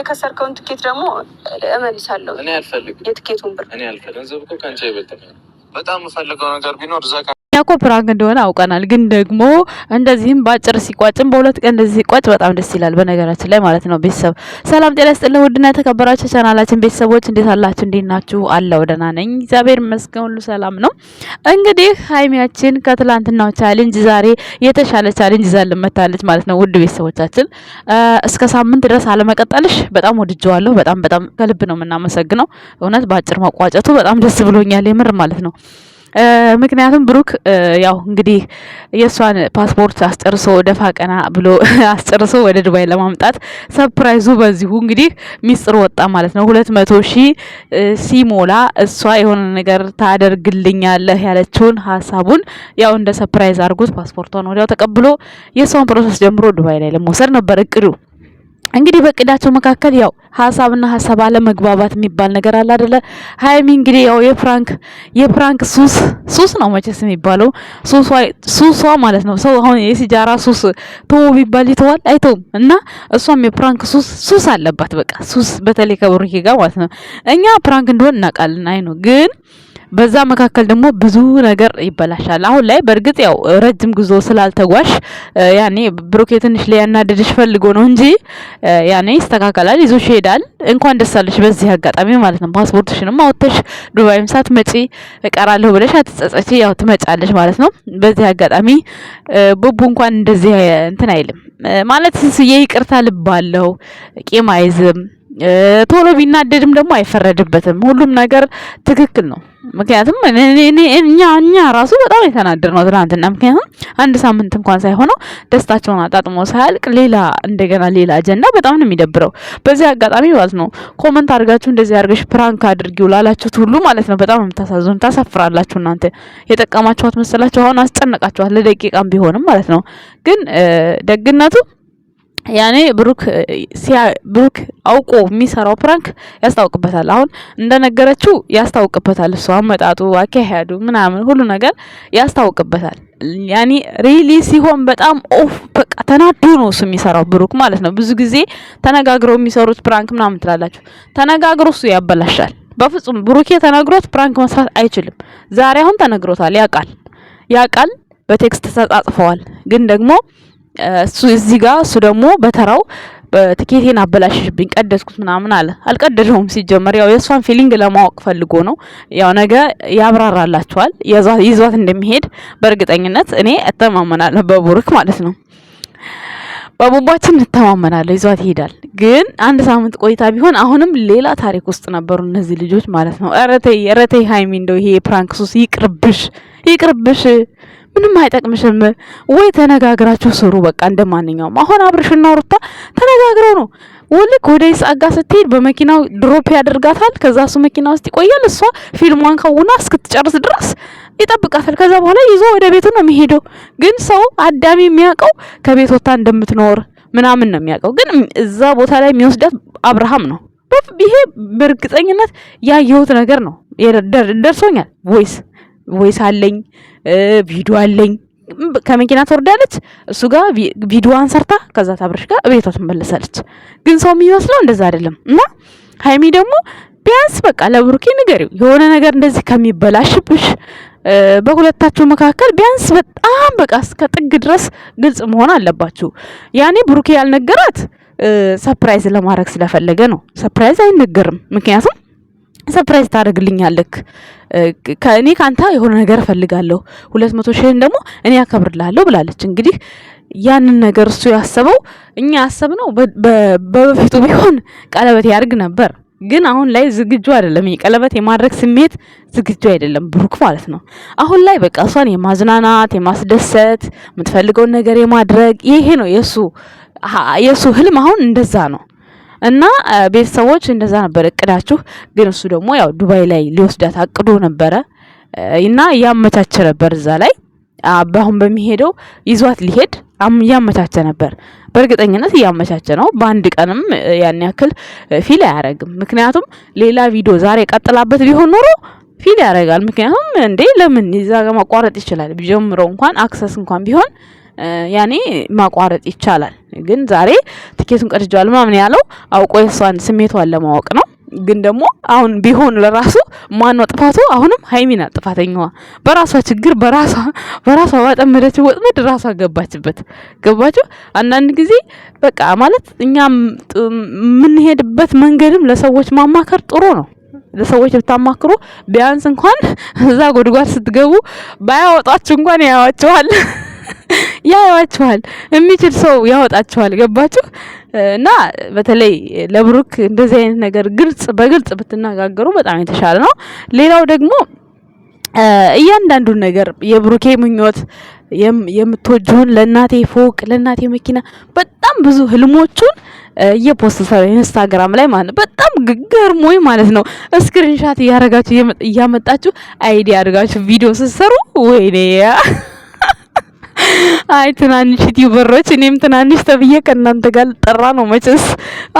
የከሰርከውን ትኬት ደግሞ እመልሳለሁ። የትኬቱን ብር በጣም የምፈልገው ነገር ቢኖር እኮ ፕራንክ እንደሆነ አውቀናል፣ ግን ደግሞ እንደዚህም በአጭር ሲቋጭም በሁለት ቀን እንደዚህ ሲቋጭ በጣም ደስ ይላል። በነገራችን ላይ ማለት ነው ቤተሰብ ሰላም ጤና ስጥልን። ውድና የተከበራችሁ ቻናላችን ቤተሰቦች እንዴት አላችሁ? እንዴት ናችሁ? አለው ደህና ነኝ እግዚአብሔር ይመስገን፣ ሁሉ ሰላም ነው። እንግዲህ ሀይሚያችን ከትላንትናው ቻሌንጅ ዛሬ የተሻለ ቻሌንጅ ይዛልን ልመታለች ማለት ነው። ውድ ቤተሰቦቻችን እስከ ሳምንት ድረስ አለመቀጠልሽ በጣም ወድጀዋለሁ። በጣም በጣም ከልብ ነው የምናመሰግነው። እውነት በአጭር መቋጨቱ በጣም ደስ ብሎኛል የምር ማለት ነው። ምክንያቱም ብሩክ ያው እንግዲህ የእሷን ፓስፖርት አስጨርሶ ደፋ ቀና ብሎ አስጨርሶ ወደ ዱባይ ለማምጣት ሰፕራይዙ በዚሁ እንግዲህ ሚስጥር ወጣ ማለት ነው። ሁለት መቶ ሺህ ሲሞላ እሷ የሆነ ነገር ታደርግልኛለህ ያለችውን ሀሳቡን ያው እንደ ሰፕራይዝ አድርጎት ፓስፖርቷን ወዲያው ተቀብሎ የእሷን ፕሮሰስ ጀምሮ ዱባይ ላይ ለመውሰድ ነበር እቅዱ። እንግዲህ በቅዳቸው መካከል ያው ሀሳብና ሀሳብ አለመግባባት የሚባል ነገር አለ አይደለ? ሀይሚ እንግዲህ ያው የፍራንክ የፍራንክ ሱስ ሱስ ነው መቼስ የሚባለው ሱሷ ማለት ነው። ሰው አሁን የሲጃራ ሱስ ተው ቢባል ይተዋል አይተውም። እና እሷም የፍራንክ ሱስ ሱስ አለባት። በቃ ሱስ በተለይ ከብሩኬ ጋር ማለት ነው። እኛ ፕራንክ እንደሆን እናውቃለን። አይ ነው ግን በዛ መካከል ደግሞ ብዙ ነገር ይበላሻል። አሁን ላይ በእርግጥ ያው ረጅም ጉዞ ስላልተጓሽ ያኔ ብሩኬ ትንሽ ሊያናድድሽ ፈልጎ ነው እንጂ ያኔ ይስተካከላል፣ ይዞሽ ይሄዳል። እንኳን ደስ አለሽ በዚህ አጋጣሚ ማለት ነው። ፓስፖርትሽንም አውጥተሽ ዱባይም ሳት መጪ እቀራለሁ ብለሽ አትጸጸች፣ ያው ትመጫለሽ ማለት ነው። በዚህ አጋጣሚ ቡቡ እንኳን እንደዚህ እንትን አይልም ማለት ስንስዬ ይቅርታ ልባለው ቂም አይዝም ቶሎ ቢናደድም ደግሞ አይፈረድበትም። ሁሉም ነገር ትክክል ነው። ምክንያቱም እኛ እኛ ራሱ በጣም የተናደር ነው ትናንትና። ምክንያቱም አንድ ሳምንት እንኳን ሳይሆነው ደስታቸውን አጣጥሞ ሳያልቅ ሌላ እንደገና ሌላ አጀንዳ በጣም ነው የሚደብረው። በዚህ አጋጣሚ ማለት ነው ኮመንት አድርጋችሁ እንደዚህ አድርገሽ ፕራንክ አድርጊው ላላችሁት ሁሉ ማለት ነው በጣም የምታሳዝኑ ታሳፍራላችሁ። እናንተ የጠቀማችኋት መሰላችሁ፣ አሁን አስጨነቃችኋት ለደቂቃም ቢሆንም ማለት ነው። ግን ደግነቱ ያኔ ብሩክ ብሩክ አውቆ የሚሰራው ፕራንክ ያስታውቅበታል። አሁን እንደነገረችው ያስታውቅበታል። እሱ አመጣጡ፣ አካሄዱ ምናምን ሁሉ ነገር ያስታውቅበታል። ያኔ ሪሊ ሲሆን በጣም ኦፍ በቃ ተናዶ ነው እሱ የሚሰራው ብሩክ ማለት ነው። ብዙ ጊዜ ተነጋግረው የሚሰሩት ፕራንክ ምናምን ትላላችሁ። ተነጋግሮ እሱ ያበላሻል። በፍጹም ብሩኬ ተነግሮት ፕራንክ መስራት አይችልም። ዛሬ አሁን ተነግሮታል፣ ያቃል ያቃል በቴክስት ተጻጽፈዋል ግን ደግሞ እሱ እዚህ ጋር እሱ ደግሞ በተራው ትኬቴን አበላሽሽብኝ ቀደስኩት ምናምን አለ። አልቀደደውም። ሲጀመር ያው የእሷን ፊሊንግ ለማወቅ ፈልጎ ነው። ያው ነገ ያብራራላችኋል ይዟት እንደሚሄድ በእርግጠኝነት እኔ እተማመናለሁ፣ በቡርክ ማለት ነው። በቡባችን እንተማመናለሁ፣ ይዟት ይሄዳል። ግን አንድ ሳምንት ቆይታ ቢሆን አሁንም ሌላ ታሪክ ውስጥ ነበሩ እነዚህ ልጆች ማለት ነው። ረተይ ረተይ፣ ሀይሚ እንደው ይሄ ፕራንክሱስ ይቅርብሽ፣ ይቅርብሽ ምንም አይጠቅምሽም። ወይ ተነጋግራችሁ ስሩ በቃ እንደ ማንኛውም አሁን አብርሽና ሩታ ተነጋግረው ነው ወልክ ወደ ይስአጋ ስትሄድ በመኪናው ድሮፕ ያደርጋታል። ከዛ እሱ መኪና ውስጥ ይቆያል። እሷ ፊልሟን ከውና እስክትጨርስ ድረስ ይጠብቃታል። ከዛ በኋላ ይዞ ወደ ቤቱ ነው የሚሄደው። ግን ሰው አዳሚ የሚያውቀው ከቤት ወታ እንደምትኖር ምናምን ነው የሚያውቀው። ግን እዛ ቦታ ላይ የሚወስዳት አብርሃም ነው። ይሄ በእርግጠኝነት ያየሁት ነገር ነው፣ ደርሶኛል ወይስ ቮይስ አለኝ፣ ቪዲዮ አለኝ። ከመኪና ትወርዳለች፣ እሱ ጋር ቪዲዮዋን ሰርታ ከዛ ታብረሽ ጋር ቤቷ ትመለሳለች። ግን ሰው የሚመስለው እንደዛ አይደለም። እና ሀይሚ ደግሞ ቢያንስ በቃ ለብሩኬ ንገሪው የሆነ ነገር እንደዚህ ከሚበላሽብሽ በሁለታችሁ መካከል ቢያንስ በጣም በቃ እስከ ጥግ ድረስ ግልጽ መሆን አለባችሁ። ያኔ ብሩኬ ያልነገራት ሰፕራይዝ ለማድረግ ስለፈለገ ነው። ሰፕራይዝ አይነገርም፣ ምክንያቱም ሰርፕራይዝ ታደርግልኛለክ ከእኔ ከአንተ የሆነ ነገር እፈልጋለሁ ሁለት መቶ ሺህን ደግሞ እኔ ያከብርልሃለሁ ብላለች። እንግዲህ ያንን ነገር እሱ ያሰበው እኛ ያሰብነው በበፊቱ ቢሆን ቀለበት ያርግ ነበር ግን አሁን ላይ ዝግጁ አይደለም። ቀለበት የማድረግ ስሜት ዝግጁ አይደለም ብሩክ ማለት ነው። አሁን ላይ በቃ እሷን የማዝናናት የማስደሰት፣ የምትፈልገውን ነገር የማድረግ ይሄ ነው የእሱ የእሱ ህልም አሁን እንደዛ ነው። እና ቤተሰቦች እንደዛ ነበር እቅዳችሁ። ግን እሱ ደግሞ ያው ዱባይ ላይ ሊወስዳት አቅዶ ነበረ እና ያመቻቸ ነበር እዛ ላይ አሁን በሚሄደው ይዟት ሊሄድ እያመቻቸ ነበር። በእርግጠኝነት እያመቻቸ ነው። በአንድ ቀንም ያን ያክል ፊል አያረግም። ምክንያቱም ሌላ ቪዲዮ ዛሬ ቀጥላበት ቢሆን ኖሮ ፊል ያደርጋል። ምክንያቱም እንዴ ለምን ይዛ ማቋረጥ ይችላል። ጀምሮ እንኳን አክሰስ እንኳን ቢሆን ያኔ ማቋረጥ ይቻላል። ግን ዛሬ ትኬቱን ቀድጃዋል ምናምን ያለው አውቆ የሷን ስሜቷን ለማወቅ ነው። ግን ደግሞ አሁን ቢሆን ለራሱ ነው ጥፋቱ? አሁንም ሀይሚና ጥፋተኛዋ። በራሷ ችግር በራሷ በራሷ ባጠመደች ወጥመድ ራሷ ገባችበት። ገባችሁ? አንዳንድ ጊዜ በቃ ማለት እኛ የምንሄድበት መንገድም ለሰዎች ማማከር ጥሩ ነው። ለሰዎች ብታማክሩ ቢያንስ እንኳን እዛ ጎድጓድ ስትገቡ ባያወጣችሁ እንኳን ያያዋችኋል። ያያችኋል፣ የሚችል ሰው ያወጣችኋል። ገባችሁ? እና በተለይ ለብሩክ እንደዚህ አይነት ነገር ግልጽ በግልጽ ብትነጋገሩ በጣም የተሻለ ነው። ሌላው ደግሞ እያንዳንዱን ነገር የብሩኬ ምኞት የምትወጁን ለእናቴ ፎቅ፣ ለእናቴ መኪና በጣም ብዙ ህልሞቹን እየፖስተሰ ኢንስታግራም ላይ ማለት ነው። በጣም ገርሞኝ ማለት ነው። ስክሪንሻት እያረጋችሁ እያመጣችሁ አይዲ አድርጋችሁ ቪዲዮ ስትሰሩ ወይኔ ያ አይ ትናንሽ ዩቲዩበሮች እኔም ትናንሽ ተብዬ ከእናንተ ጋር ልጠራ ነው መቼስ።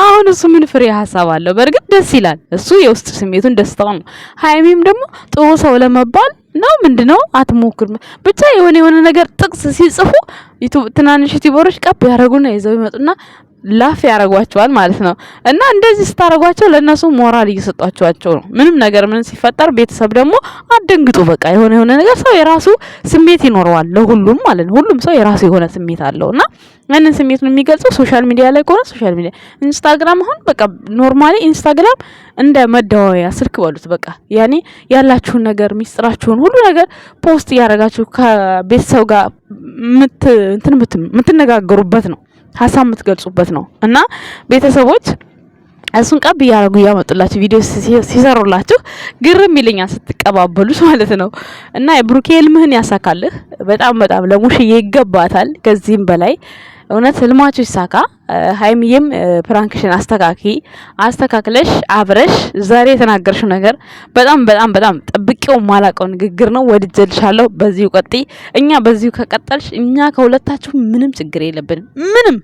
አሁን እሱ ምን ፍሬ ሀሳብ አለው? በእርግጥ ደስ ይላል። እሱ የውስጥ ስሜቱን ደስታው ነው። ሀይሚም ደግሞ ጥሩ ሰው ለመባል ነው ምንድነው? አትሞክርም። ብቻ የሆነ የሆነ ነገር ጥቅስ ሲጽፉ ትናንሽ ዩቲዩበሮች ቀብ ያደረጉና ይዘው ይመጡና ላፍ ያደርጓቸዋል ማለት ነው። እና እንደዚህ ስታደረጓቸው ለእነሱ ሞራል እየሰጧቸዋቸው ነው። ምንም ነገር ምን ሲፈጠር ቤተሰብ ደግሞ አደንግጡ፣ በቃ የሆነ የሆነ ነገር ሰው የራሱ ስሜት ይኖረዋል፣ ለሁሉም ማለት ነው። ሁሉም ሰው የራሱ የሆነ ስሜት አለው እና ያንን ስሜት ነው የሚገልጸው። ሶሻል ሚዲያ ላይ ከሆነ ሶሻል ሚዲያ፣ ኢንስታግራም አሁን በቃ ኖርማሊ ኢንስታግራም እንደ መደዋወያ ስልክ በሉት በቃ ያኔ ያላችሁን ነገር ሚስጥራችሁን ሁሉ ነገር ፖስት እያደረጋችሁ ከቤተሰብ ጋር ምትነጋገሩበት ነው ሀሳብ የምትገልጹበት ነው እና ቤተሰቦች እሱን ቀብ እያደረጉ እያመጡላችሁ ቪዲዮ ሲሰሩላችሁ ግርም ይለኛል ስትቀባበሉት ማለት ነው። እና የብሩኬ ህልምህን ያሳካልህ። በጣም በጣም ለሙሽዬ ይገባታል ከዚህም በላይ እውነት ህልማችሁ ይሳካ። ሀይሚዬም ፕራንክሽን አስተካኪ አስተካክለሽ አብረሽ ዛሬ የተናገርሽው ነገር በጣም በጣም በጣም ጠብቄው ማላቀው ንግግር ነው። ወድጀልሻለሁ። በዚሁ ቀጥይ። እኛ በዚሁ ከቀጠልሽ እኛ ከሁለታችሁ ምንም ችግር የለብንም ምንም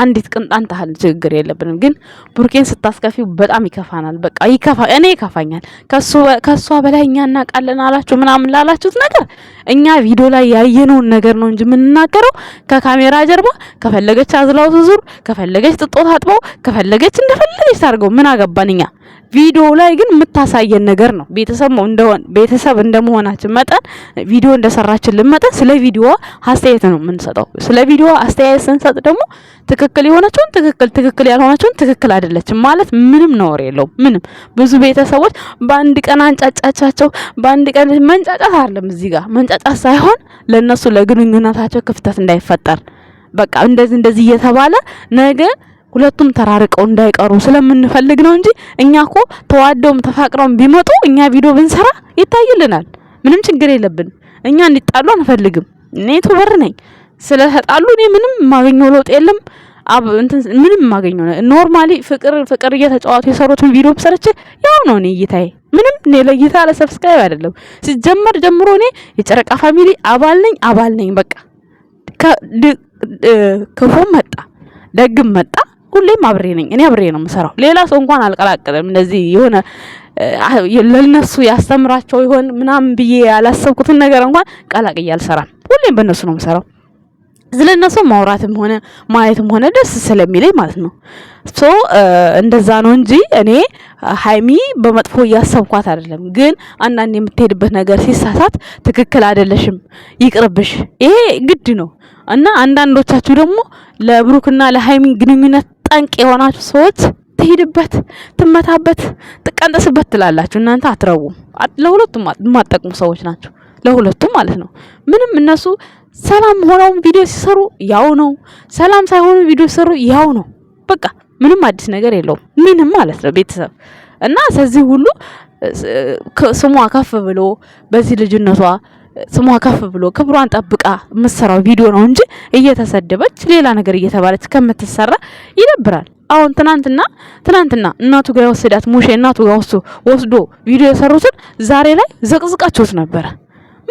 አንዲት ቅንጣን ታህል ችግር የለብንም። ግን ቡርኬን ስታስከፊው በጣም ይከፋናል። በቃ ይከፋ እኔ ይከፋኛል። ከእሷ በላይ እኛ እናውቃለን አላችሁ ምናምን ላላችሁት ነገር እኛ ቪዲዮ ላይ ያየነውን ነገር ነው እንጂ የምንናገረው ከካሜራ ጀርባ ከፈለገች አዝላው ትዙር፣ ከፈለገች ጥጦ ታጥበው፣ ከፈለገች እንደፈለገች ታድርገው ምን አገባን እኛ። ቪዲዮ ላይ ግን የምታሳየን ነገር ነው። ቤተሰብ እንደሆን ቤተሰብ እንደመሆናችን መጠን ቪዲዮ እንደሰራችን መጠን ስለ ቪዲዮ አስተያየት ነው የምንሰጠው። ስለ ቪዲዮ አስተያየት ስንሰጥ ደግሞ ትክክል የሆነችውን ትክክል፣ ትክክል ያልሆነችውን ትክክል አይደለችም ማለት ምንም ነውር የለውም። ምንም ብዙ ቤተሰቦች በአንድ ቀን አንጫጫቻቸው በአንድ ቀን መንጫጫት አይደለም እዚህ ጋር መንጫጫት ሳይሆን ለእነሱ ለግንኙነታቸው ክፍተት እንዳይፈጠር በቃ እንደዚህ እንደዚህ እየተባለ ነገ ሁለቱም ተራርቀው እንዳይቀሩ ስለምንፈልግ ነው እንጂ እኛ እኮ ተዋደውም ተፋቅረውም ቢመጡ እኛ ቪዲዮ ብንሰራ ይታይልናል። ምንም ችግር የለብን። እኛ እንዲጣሉ አንፈልግም። እኔ ዩቱበር ነኝ። ስለተጣሉ እኔ ምንም የማገኘው ለውጥ የለም። ምንም የማገኘው ኖርማሊ ፍቅር ፍቅር እየተጫዋቱ የሰሩትን ቪዲዮ ብሰርቼ ያው ነው እኔ እይታዬ። ምንም እኔ ለእይታ ለሰብስክራይብ አይደለም። ሲጀመር ጀምሮ እኔ የጨረቃ ፋሚሊ አባል ነኝ አባል ነኝ። በቃ ክፉም መጣ ደግም መጣ ሁሌም አብሬ ነኝ። እኔ አብሬ ነው የምሰራው። ሌላ ሰው እንኳን አልቀላቀለም። እንደዚህ የሆነ ለነሱ ያስተምራቸው ይሆን ምናምን ብዬ ያላሰብኩትን ነገር እንኳን ቀላቅዬ አልሰራም። ሁሌም በእነሱ ነው የምሰራው። ስለነሱ ማውራትም ሆነ ማየትም ሆነ ደስ ስለሚለኝ ማለት ነው። ሶ እንደዛ ነው እንጂ እኔ ሀይሚ በመጥፎ እያሰብኳት አይደለም። ግን አንዳንድ የምትሄድበት ነገር ሲሳሳት ትክክል አይደለሽም፣ ይቅርብሽ፣ ይሄ ግድ ነው እና አንዳንዶቻችሁ ደግሞ ለብሩክና ለሀይሚ ግንኙነት ጠንቅ የሆናችሁ ሰዎች ትሄድበት፣ ትመታበት፣ ትቀንጠስበት ትላላችሁ። እናንተ አትረቡም። ለሁለቱም የማጠቅሙ ሰዎች ናቸው። ለሁለቱም ማለት ነው። ምንም እነሱ ሰላም ሆነውም ቪዲዮ ሲሰሩ ያው ነው። ሰላም ሳይሆኑ ቪዲዮ ሲሰሩ ያው ነው። በቃ ምንም አዲስ ነገር የለውም። ምንም ማለት ነው ቤተሰብ እና ስለዚህ ሁሉ ስሟ ከፍ ብሎ በዚህ ልጅነቷ ስሟ ከፍ ብሎ ክብሯን ጠብቃ የምትሰራው ቪዲዮ ነው እንጂ እየተሰደበች ሌላ ነገር እየተባለች ከምትሰራ ይደብራል። አሁን ትናንትና ትናንትና እናቱ ጋር የወሰዳት ሙሼ እናቱ ጋር ወስዶ ቪዲዮ የሰሩትን ዛሬ ላይ ዘቅዝቃችሁት ነበረ።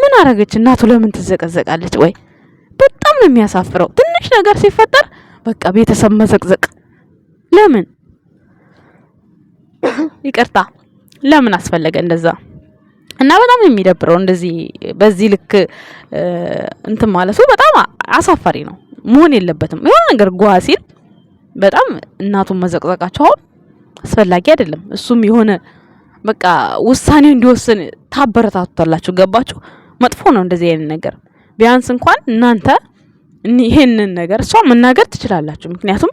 ምን አረገች እናቱ? ለምን ትዘቀዘቃለች? ወይ በጣም ነው የሚያሳፍረው። ትንሽ ነገር ሲፈጠር በቃ ቤተሰብ መዘቅዘቅ ለምን? ይቅርታ ለምን አስፈለገ እንደዛ? እና በጣም የሚደብረው እንደዚህ በዚህ ልክ እንትን ማለቱ በጣም አሳፋሪ ነው፣ መሆን የለበትም። የሆነ ነገር ጓ ሲል በጣም እናቱን መዘቅዘቃቸው አሁን አስፈላጊ አይደለም። እሱም የሆነ በቃ ውሳኔው እንዲወስን ታበረታቱታላችሁ። ገባችሁ? መጥፎ ነው እንደዚህ አይነት ነገር። ቢያንስ እንኳን እናንተ ይሄንን ነገር እሷ መናገር ትችላላችሁ። ምክንያቱም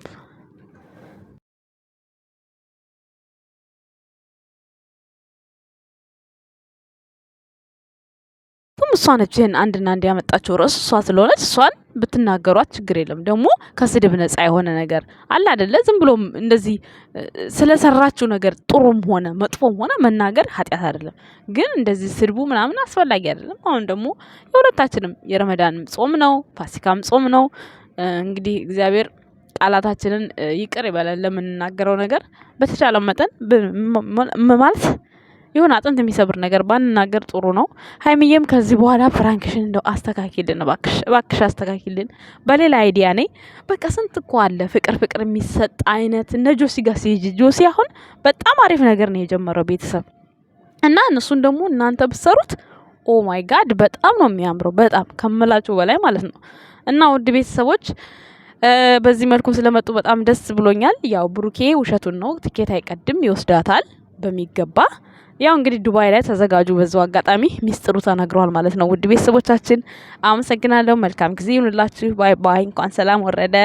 እሷ ነች ይህን አንድና አንድ ያመጣችው ርዕስ እሷ ስለሆነች እሷን ብትናገሯት ችግር የለም። ደግሞ ከስድብ ነጻ የሆነ ነገር አለ አደለ? ዝም ብሎም እንደዚህ ስለሰራችው ነገር ጥሩም ሆነ መጥፎም ሆነ መናገር ኃጢአት አይደለም። ግን እንደዚህ ስድቡ ምናምን አስፈላጊ አይደለም። አሁን ደግሞ የሁለታችንም የረመዳን ጾም ነው፣ ፋሲካም ጾም ነው። እንግዲህ እግዚአብሔር ቃላታችንን ይቅር ይበለን ለምንናገረው ነገር በተቻለው መጠን ማለት ይሁን አጥንት የሚሰብር ነገር ባንናገር ጥሩ ነው። ሀይሚዬም ከዚህ በኋላ ፍራንክሽን እንደው አስተካኪልን እባክሽ አስተካኪልን። በሌላ አይዲያ ነኝ በቃ ስንት እኮ አለ ፍቅር ፍቅር የሚሰጥ አይነት እነ ጆሲ ጋር ሲሄጅ ጆሲ አሁን በጣም አሪፍ ነገር ነው የጀመረው ቤተሰብ እና እነሱን ደግሞ እናንተ ብሰሩት ኦ ማይ ጋድ በጣም ነው የሚያምረው በጣም ከምላችሁ በላይ ማለት ነው። እና ውድ ቤተሰቦች በዚህ መልኩ ስለመጡ በጣም ደስ ብሎኛል። ያው ብሩኬ ውሸቱን ነው፣ ትኬት አይቀድም ይወስዳታል በሚገባ ያው እንግዲህ ዱባይ ላይ ተዘጋጁ። በዛው አጋጣሚ ሚስጥሩ ተነግሯል ማለት ነው። ውድ ቤተሰቦቻችን አመሰግናለሁ። መልካም ጊዜ ይሁንላችሁ። ባይ ባይ። እንኳን ሰላም ወረደ።